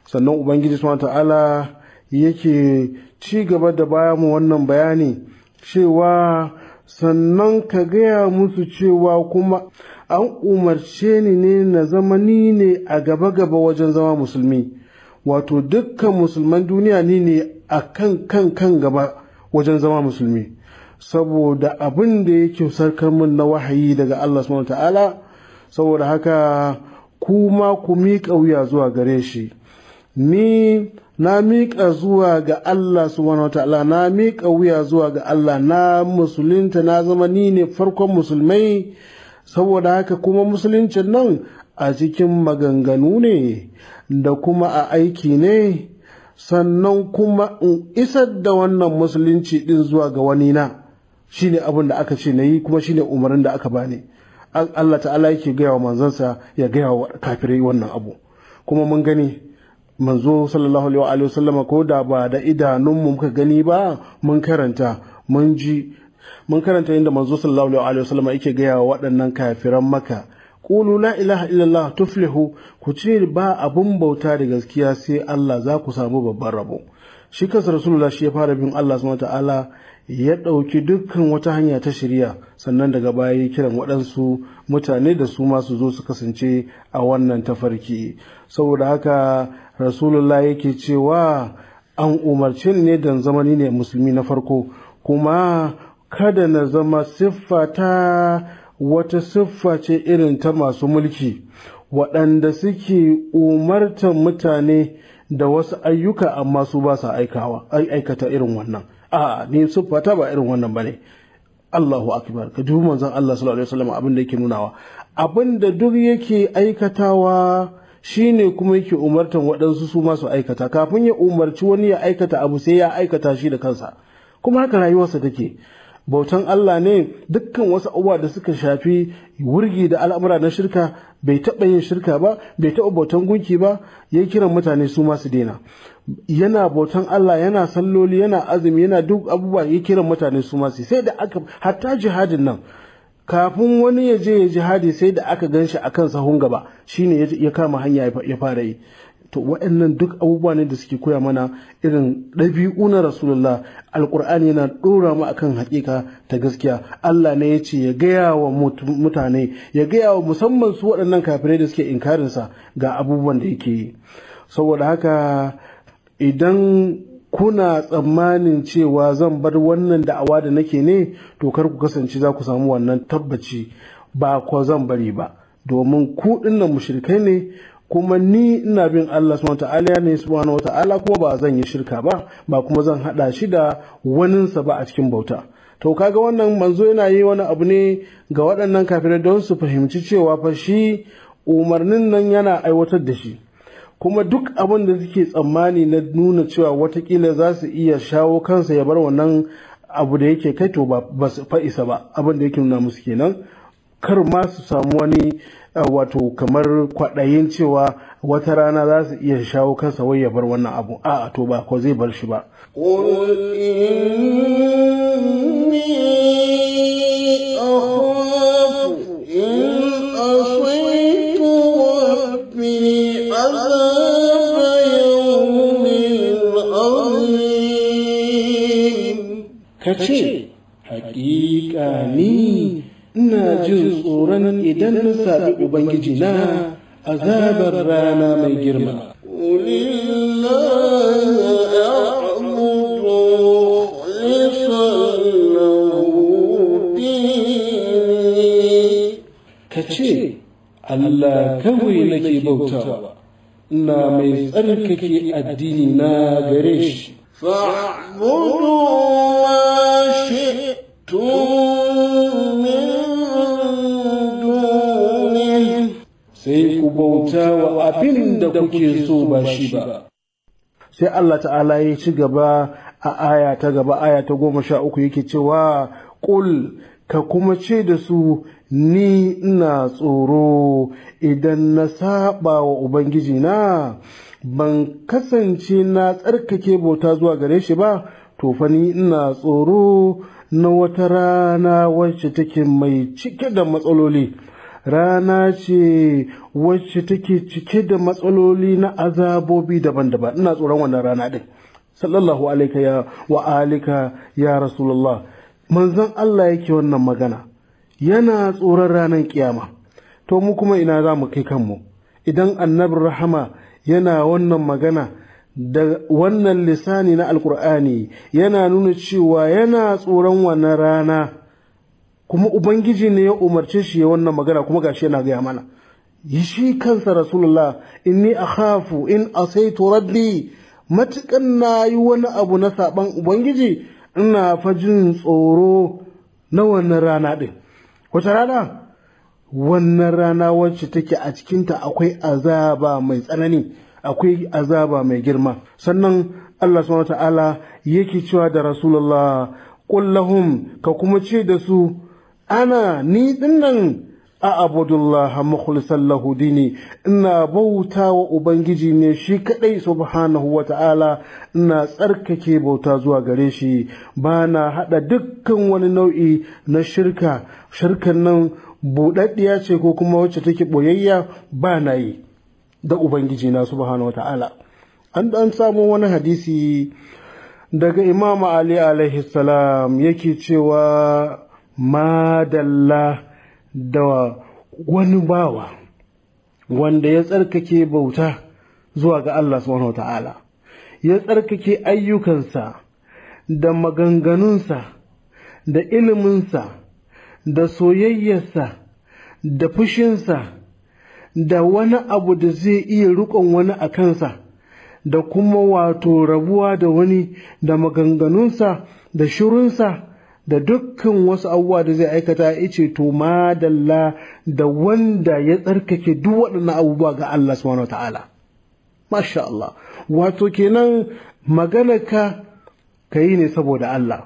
sannan ubangiji suna ta'ala yake ci gaba da baya mu wannan bayani cewa sannan ka gaya musu cewa kuma an umarce ni ne na zamani ne a gaba-gaba wajen zama musulmi wato dukkan musulman duniya ni ne a kan kan kan gaba wajen zama musulmi saboda abin da yake sarkar mun na wahayi daga Allah subhanahu ta'ala saboda haka kuma ku miƙa wuya zuwa gare shi ni na miƙa zuwa ga Allah subhanahu wa ta'ala na miƙa wuya zuwa ga Allah na musulunta na zama ni ne farkon musulmai saboda haka kuma musuluncin nan a cikin maganganu ne da kuma a aiki ne sannan kuma in isar da wannan musulunci din zuwa ga wani na shine abin da aka ce na yi kuma shine umarnin da aka bani Allah ta'ala yake gaya wa manzansa ya gaya wa kafirai wannan abu kuma mun gani manzo sallallahu alaihi wa sallama ko da ba da idanunmu muka gani ba mun karanta mun ji mun karanta inda manzo sallallahu alaihi wa sallama yake gaya wa waɗannan kafiran maka qulu la ilaha illallah tuflihu ku ce ba abun bauta da gaskiya sai Allah za ku samu babban rabo shi kansa rasulullah shi ya fara bin Allah subhanahu ta'ala ya ɗauki dukkan wata hanya ta shirya sannan daga baya ya kiran waɗansu mutane da su masu zo su kasance a wannan tafarki saboda haka rasulullah yake cewa an umarce ne dan zamani ne musulmi na farko kuma kada na zama siffata wata siffa ce irin ta masu mulki waɗanda suke umartan mutane da wasu ayyuka amma su ba sa aikawa ai aikata irin wannan a ni fata ba irin wannan bane Allahu akbar ka dubi manzon Allah sallallahu alaihi wasallam abin da yake nunawa abin da duk yake aikatawa shine kuma yake umartan waɗansu su masu aikata kafin ya umarci wani ya aikata abu sai ya aikata shi da kansa kuma haka rayuwarsa take bautan Allah ne dukkan wasu abubuwa da suka shafi wurgi da al'amura na shirka bai taɓa yin shirka ba bai taɓa bautan gunki ba ya kiran mutane su masu daina yana bautan Allah yana salloli yana azumi yana duk abubuwa ya kiran mutane su masu sai da aka hatta jihadin nan kafin wani ya je ya jihadi sai da aka ganshi shi akan sahun gaba shine ya kama hanya ya fara yi to wa'annan duk abubuwa ne da suke koya mana irin ɗabi'u na rasulullah alkur'ani yana ɗora mu akan haƙiƙa ta gaskiya allah ne ya ce ya gaya wa mutane ya gaya wa musamman su waɗannan kafirai da suke inkarinsa ga abubuwan da yake yi saboda haka idan kuna tsammanin cewa zan bar wannan da'awa da nake ne to kar ku kasance za ku samu wannan tabbaci ba ko zan bari ba domin ku dinnan mushrikai ne kuma ni ina bin Allah subhanahu ta'ala ne subhanahu wata ala, kuma ba zan yi shirka ba ba kuma zan hada shi da waninsa ba a cikin bauta to kaga wannan manzo yana yi wani abu ne ga waɗannan kafirai don su fahimci cewa fa shi umarnin nan yana aiwatar da shi kuma duk abin da suke tsammani na nuna cewa watakila za su iya shawo kansa ya bar wannan abu da yake kai to ba su fa'isa ba abin da yake nuna musu kenan kar ma su samu wani Eh, wato kamar kwaɗayin cewa wata rana za su iya shawo kansa wai ya bar wannan abu a to ba ko zai bar shi ba ka ce haƙiƙa ni ina jin tsoron idan na saɓi Ubangijina azabar rana mai girma. Ka ce, Allah kawai nake bautawa, ina mai tsarkake addini na gare shi. فاعبدوا ما شئتم bauta wa abin da kuke so ba shi ba sai Allah ta'ala ya ci gaba a aya ta gaba aya ta goma sha uku yake cewa ƙul ka kuma ce da su ni ina tsoro idan na saba wa ubangiji na ban kasance na tsarkake bauta zuwa gare shi ba to fa ni ina tsoro na wata rana wacce take mai cike da matsaloli rana ce wacce take cike da matsaloli na azabobi daban-daban ina tsoron wannan rana din sallallahu alaika ya wa alika ya rasulullah manzon Allah yake wannan magana yana tsoron ranar kiyama to mu kuma ina za mu kai kanmu idan annabin rahama yana wannan magana da wannan lisani na alkur'ani yana nuna cewa yana tsoron wannan rana kuma ubangiji ne ya umarce shi ya wannan magana kuma gashi yana gaya mana Yi shi kansa rasulullah inni akhafu in asaitu rabbi matukan na yi wani abu na saban ubangiji ina fa jin tsoro na wannan rana din wata rana wannan rana wacce take a cikin ta akwai azaba mai tsanani akwai azaba mai girma sannan Allah subhanahu wa ta'ala yake cewa da rasulullah qul ka kuma ce da su ana ni dinnan a abudullah mukhlisan lahu dini ina bauta wa ubangiji ne shi kadai subhanahu wa ta'ala ina tsarkake bauta zuwa gare shi ba na hada dukkan wani nau'i na shirka shirkan nan buɗaɗɗiya ce ko kuma wacce take boyayya ba na yi da ubangiji na subhanahu wa ta'ala an dan samu wani hadisi daga imam ali alaihi salam yake cewa madalla da wani bawa wanda ya tsarkake bauta zuwa ga Allah subhanahu wata'ala ya tsarkake ayyukansa da maganganunsa da iliminsa da soyayyarsa da fushinsa da wani abu da zai iya rukon wani a kansa da kuma wato rabuwa da wani da maganganunsa da shirunsa da dukkan wasu abubuwa da zai aikata ya ce to madalla da wanda ya tsarkake duk waɗannan abubuwa ga Allah subhanahu wa ta'ala masha Allah wato kenan maganarka ka yi ne saboda Allah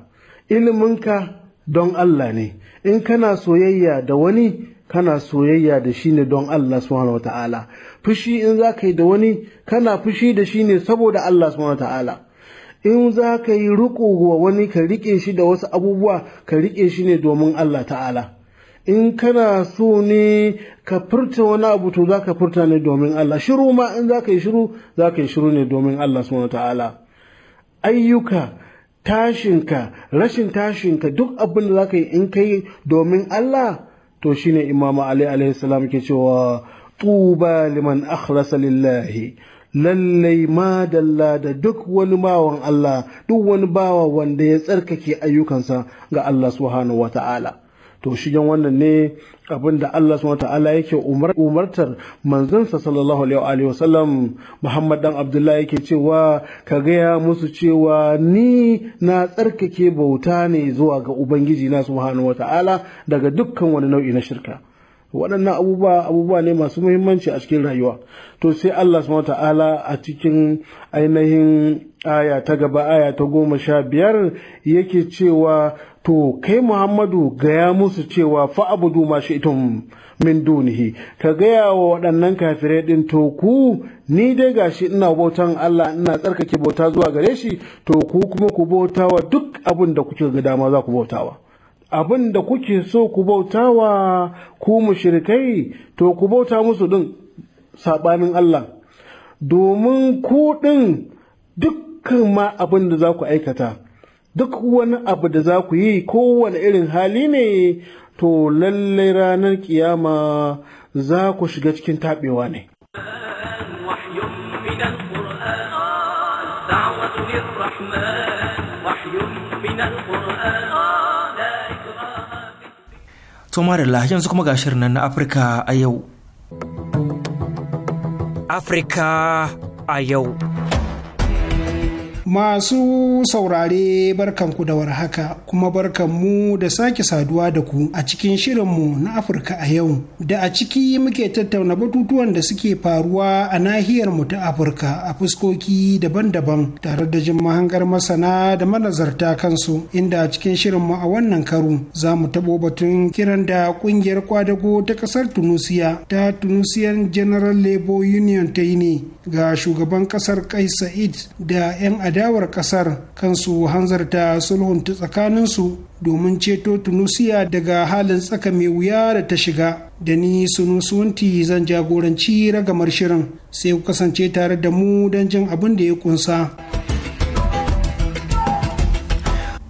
iliminka don Allah ne in kana soyayya da wani kana soyayya da shi ne don Allah subhanahu ta'ala fushi in za ka yi da wani kana fushi da shi ne saboda Allah subhanahu ta'ala in za ka yi riƙo wa wani ka riƙe shi da wasu abubuwa ka riƙe shi ne domin Allah ta'ala in kana so ne ka furta wani abu to za ka furta ne domin Allah shiru ma in za ka yi shiru za ka yi shiru ne domin Allah subhanahu ta'ala ayyuka tashinka rashin tashinka duk abin da za ka yi in ka yi domin Allah to shine imamu ali alaihi salam ke cewa tuba liman akhlasa lillahi lallai madalla da duk wani bawan Allah duk wani bawa wanda ya tsarkake ayyukansa ga Allah subhanahu wata'ala to shigen wannan ne abin da Allah subhanahu wata'ala yake umartar manzansa sallallahu alaihi wa sallam Muhammad dan Abdullah yake cewa ka gaya musu cewa ni na tsarkake bauta ne zuwa ga ubangiji na subhanahu wata'ala daga dukkan wani nau'i na shirka waɗannan abubuwa abubuwa ne masu muhimmanci a cikin rayuwa to sai Allah subhanahu ta'ala a cikin ainihin aya ta gaba aya ta goma sha biyar yake cewa to kai Muhammadu gaya musu cewa fa abudu ma shi'tum min dunihi ka gaya wa waɗannan kafirai ɗin to ku ni dai gashi ina bautan Allah ina tsarkake bauta zuwa gare shi to ku kuma ku bauta wa duk abin da kuke ga dama za ku bautawa abin da kuke so ku bauta wa ku mushrikai to ku bauta musu ɗin saɓanin Allah domin ku din dukkan ma abin da za ku aikata duk wani abu da za ku yi kowane irin hali ne to lallai ranar kiyama za ku shiga cikin taɓewa ne. to marilla yanzu kuma ga shirin nan na afirka a yau afirka a yau Masu saurare barkanku da warhaka kuma barkanmu da sake saduwa da ku a cikin shirinmu na Afirka a yau da a ciki muke tattauna batutuwan da suke faruwa a nahiyar mu ta Afirka a fuskoki daban-daban tare da jin mahangar masana da manazarta kansu inda a cikin shirinmu a wannan karo za mu taɓo batun kiran da ƙungiyar kwadago ta ƙasar Tunusiya ta Tunusiyan General Labour Union ta yi ne ga shugaban ƙasar Kai Sa'id da 'yan adam adawar kasar kansu hanzarta sulhunta tsakaninsu domin ceto tunusiya daga halin tsaka mai wuya da ta shiga da ni sunusunti zan jagoranci ragamar shirin sai ku kasance tare da mu don jin abin da ya kunsa.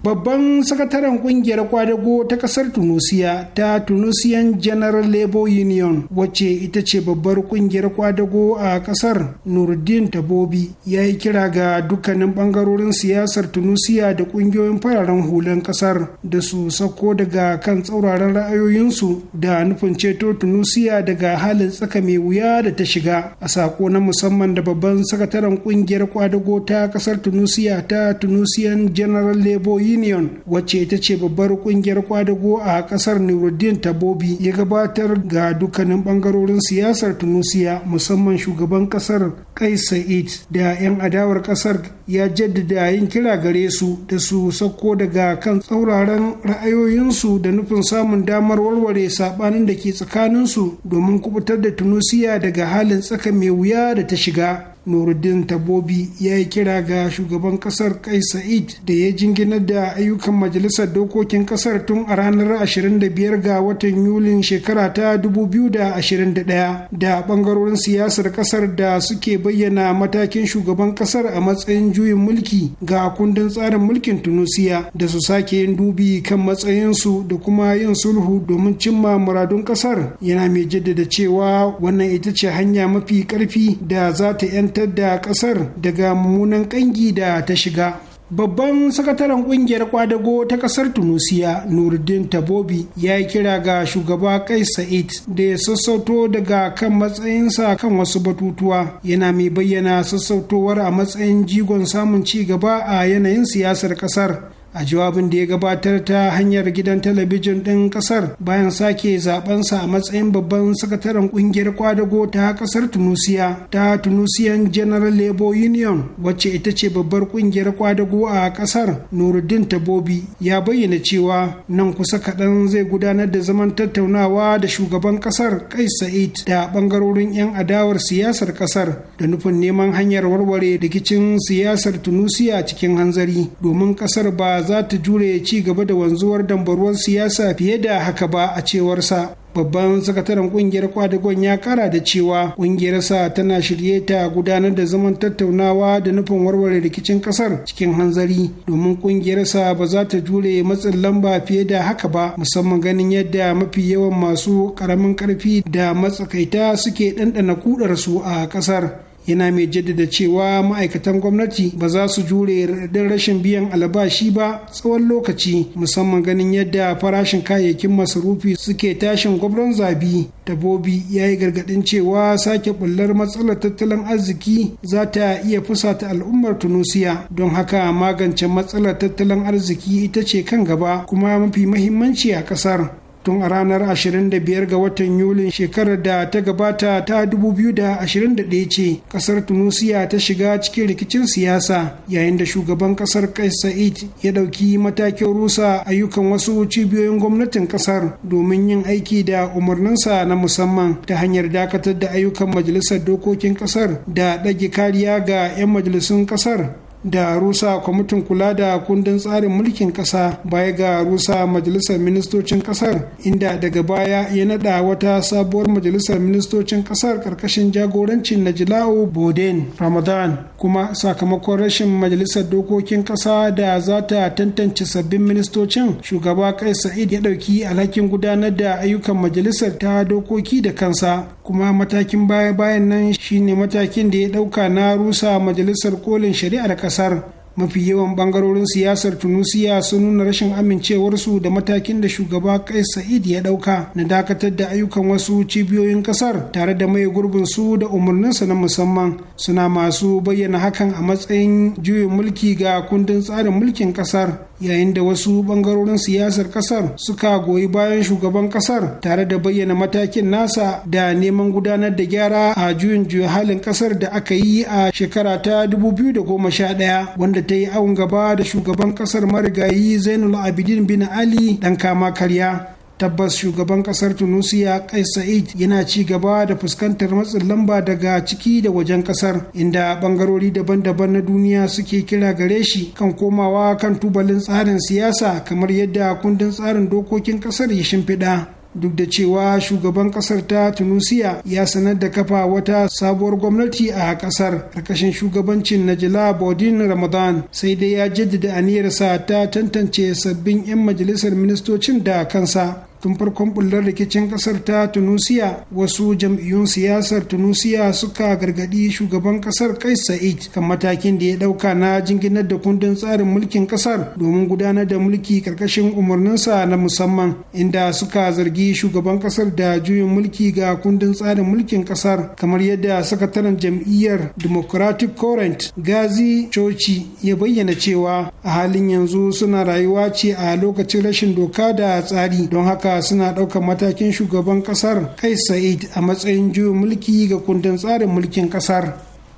babban sakataren kungiyar kwadago ta kasar tunisia ta tunisian general labor union wacce ita ce babbar kungiyar kwadago a kasar nuruddin tabobi ya yi kira ga dukkanin bangarorin siyasar tunusiya da kungiyoyin fararen hulan kasar da su sako daga kan tsauraran ra'ayoyinsu da nufin ceto tunusiya daga halin tsaka mai wuya da ta shiga a sako na musamman da babban sakataren kungiyar kwadago ta kasar tunisia ta tunisian general labor union wacce ita ce babbar kungiyar kwadago a kasar nuruddin tabobi ya gabatar ga dukkanin bangarorin siyasar tunisia musamman shugaban kasar kais sa'id da 'yan adawar kasar ya jaddada yin kira gare su da su sako daga kan tsauraran ra'ayoyinsu da nufin samun damar warware sabanin da ke tsakaninsu domin kubutar da tunisia daga halin tsaka mai wuya da ta shiga nuruddin tabobi ya yi kira ga shugaban kasar kai sa'id da ya jinginar da ayyukan majalisar dokokin kasar tun a ranar 25 ga watan yulin shekara ta 2021 da bangarorin siyasar kasar da suke bayyana matakin shugaban kasar a matsayin juyin mulki ga kundin tsarin mulkin tunusiya da su sake yin dubi kan matsayinsu da kuma yin sulhu domin cimma muradun kasar yana mai jaddada cewa wannan ita ce hanya mafi karfi da za ta 'yan fitar da kasar daga mummunan kangi da ta shiga. Babban sakataren kungiyar kwadago ta kasar Tunusiya, nurdin Tabobi, ya yi kira ga shugaba Kai Sa'id da ya sassauto daga kan matsayinsa kan wasu batutuwa, yana mai bayyana sassautowar a matsayin jigon samun ci gaba a yanayin siyasar kasar. a jawabin da ya gabatar ta hanyar gidan talabijin ɗin ƙasar bayan sake zabensa a matsayin babban sakataren ƙungiyar kwadago ta ƙasar tunisia ta tunisian general labor union wacce ita ce babbar ƙungiyar kwadago a ƙasar nuruddin tabobi ya bayyana cewa nan kusa kaɗan zai gudanar da zaman tattaunawa da shugaban ƙasar kai sa'id da ɓangarorin 'yan adawar siyasar ƙasar da nufin neman hanyar warware rikicin siyasar tunisia cikin hanzari domin ƙasar ba za ta jure ya ci gaba da wanzuwar dambarwar siyasa fiye da haka ba a cewarsa babban sakataren kungiyar kwadagon ya kara da cewa kungiyarsa tana shirye ta gudanar da zaman tattaunawa da nufin warware rikicin kasar cikin hanzari domin kungiyarsa ba za ta jure matsin lamba fiye da haka ba musamman ganin yadda mafi yawan masu karamin karfi da matsakaita suke ɗanɗana kudarsu a kasar yana mai jaddada cewa ma'aikatan gwamnati ba za su jure radadin rashin biyan albashi ba tsawon lokaci musamman ganin yadda farashin kayayyakin masarufi suke tashin gwamnan zabi dabobi ya yi gargaɗin cewa sake bullar matsalar tattalin arziki za ta iya fusata al'ummar tunusiya don haka magance matsalar tattalin arziki ita ce kan gaba kuma mafi mahimmanci a ƙasar. tun a ranar 25 ga watan yulin shekarar da ta gabata ta 2021 ce kasar tunisia ta shiga cikin rikicin siyasa yayin da shugaban kasar kais sa'id ya ɗauki matakin rusa ayyukan wasu cibiyoyin gwamnatin kasar domin yin aiki da umarninsa na musamman ta hanyar dakatar da ayyukan majalisar dokokin kasar da ɗage kariya ga 'yan majalisun kasar da rusa kwamitin kula da kundin tsarin mulkin kasa baya ga rusa majalisar ministocin kasar. inda daga baya ya nada wata sabuwar majalisar ministocin kasar ƙarƙashin jagorancin najila'u boden ramadan kuma sakamakon rashin majalisar dokokin ƙasa da za ta tantance sabbin ministocin shugaba kai sa'id ya ɗauki alhakin gudanar da ayyukan majalisar ta dokoki da kansa kuma matakin baya bayan nan shine matakin da ya ɗauka na rusa majalisar kolin shari'ar ƙasa kasar mafi yawan bangarorin siyasar tunisia sun nuna rashin amincewarsu da matakin da shugaba kai sa'id ya dauka na dakatar da ayyukan wasu cibiyoyin kasar tare da mai gurbin su da umarninsa na musamman suna masu bayyana hakan a matsayin juyin mulki ga kundin tsarin mulkin kasar yayin da wasu bangarorin siyasar kasar suka goyi bayan shugaban kasar tare da bayyana matakin nasa da neman gudanar da gyara a juyin juya halin kasar da aka yi a shekara ta 2011 wanda ta yi awon gaba da shugaban kasar marigayi zainul abidin bin ali dan kama karya tabbas shugaban kasar tunisia kais sa'id yana ci gaba da fuskantar matsin lamba daga ciki da wajen kasar inda bangarori daban-daban na duniya suke kira gare shi kan komawa kan tubalin tsarin siyasa kamar yadda kundin tsarin dokokin kasar ya shimfiɗa duk da cewa shugaban kasar ta tunisia ya sanar da kafa wata sabuwar gwamnati a kasar karkashin shugabancin najila bodin ramadan sai dai ya jaddada aniyarsa ta tantance sabbin 'yan majalisar ministocin da kansa tun farkon bullar rikicin kasar ta tunisia wasu jam'iyyun siyasar tunisia suka gargadi shugaban kasar kais sa'id kan matakin da ya dauka na jinginar da kundin tsarin mulkin kasar domin gudanar da mulki karkashin umarninsa na musamman inda suka zargi shugaban kasar da juyin mulki ga kundin tsarin mulkin kasar kamar yadda sakataren jam'iyyar democratic current gazi coci ya bayyana cewa a halin yanzu suna rayuwa ce a lokacin rashin doka da tsari don haka amurka suna ɗaukar matakin shugaban ƙasar kai sa'id a matsayin juyin mulki ga kundin tsarin mulkin ƙasar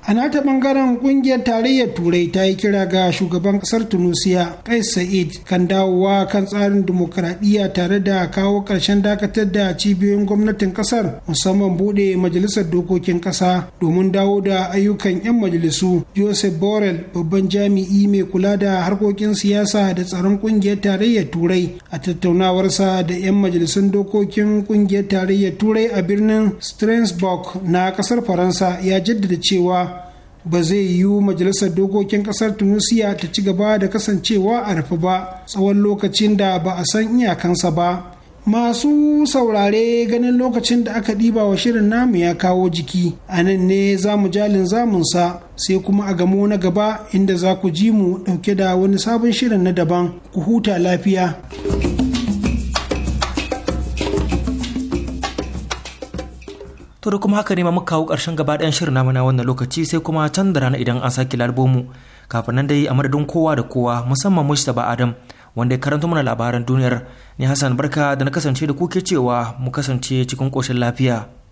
a nata bangaren kungiyar tarayyar turai ta yi kira ga shugaban kasar tunisia kais sa'id kan dawowa kan tsarin dimokuraɗiyya tare da kawo ƙarshen dakatar da cibiyoyin gwamnatin kasar musamman buɗe majalisar dokokin ƙasa domin dawo da ayyukan 'yan majalisu joseph borrell babban jami'i mai kula da harkokin siyasa da tsaron kungiyar tarayyar turai a tattaunawarsa da 'yan majalisun dokokin kungiyar tarayyar turai a birnin strasbourg na ƙasar faransa ya jaddada cewa ba zai yiwu majalisar dokokin kasar tunisia ta ci gaba da kasancewa a rufe ba tsawon lokacin da ba a san iyakansa ba masu saurare ganin lokacin da aka ɗiba wa shirin namu ya kawo jiki a nan ne za mu jalin zamunsa sai kuma a gamo na gaba inda za ku ji mu ɗauke da wani sabon shirin na daban ku huta lafiya. To da kuma haka ne muka kawo ƙarshen gaba ɗayan shirin namu na wannan lokaci sai kuma can da rana idan an sake mu kafin nan dai a madadin kowa da kowa musamman Mustapha Adam wanda ya karanta mana labaran duniyar ni Hassan Barka da na kasance da kuke cewa mu kasance cikin ƙoshin lafiya.